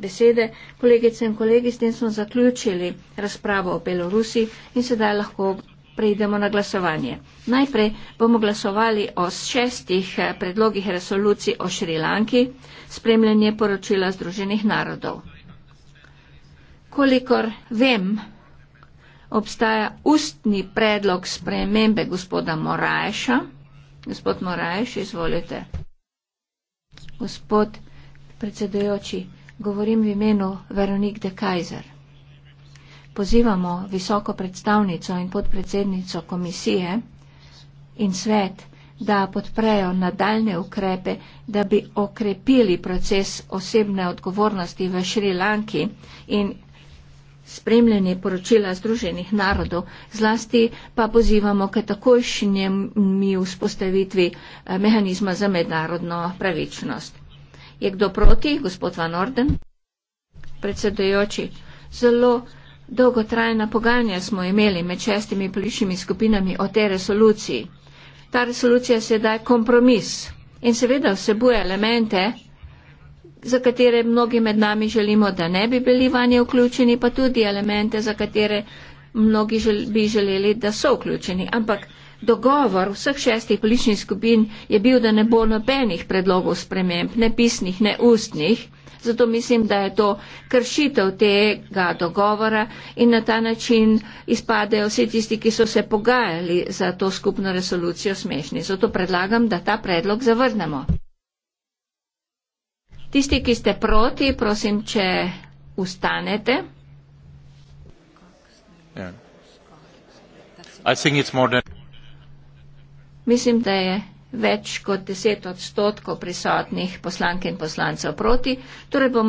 besede. Kolegice in kolegi, s tem smo zaključili razpravo o Belorusi in sedaj lahko preidemo na glasovanje. Najprej bomo glasovali o šestih eh, predlogih resolucij o Šrilanki, spremljanje poročila Združenih narodov. Kolikor vem, obstaja ustni predlog spremembe gospoda Morajša. Gospod Morajš, izvolite. Gospod predsedujoči govorim v imenu Veronik de Kajzer. Pozivamo visoko predstavnico in podpredsednico komisije in svet, da podprejo nadaljne ukrepe, da bi okrepili proces osebne odgovornosti v Šrilanki in spremljanje poročila Združenih narodov, zlasti pa pozivamo k takojšnjemu vzpostavitvi eh, mehanizma za mednarodno pravičnost. Je kdo proti? Gospod Van Orden? Predsedujoči, zelo dolgotrajna pogajanja smo imeli med šestimi plišimi skupinami o tej resoluciji. Ta resolucija se daje kompromis in seveda vsebuje elemente, za katere mnogi med nami želimo, da ne bi bili vanje vključeni, pa tudi elemente, za katere mnogi žel, bi želeli, da so vključeni. Ampak dogovor vseh šestih političnih skupin je bil, da ne bo nobenih predlogov sprememb, ne pisnih, ne ustnih. Zato mislim, da je to kršitev tega dogovora in na ta način izpadejo vsi tisti, ki so se pogajali za to skupno resolucijo smešni. Zato predlagam, da ta predlog zavrnemo. Tisti, ki ste proti, prosim, če ustanete. Mislim, da je več kot deset odstotkov prisotnih poslank in poslancev proti, torej bomo.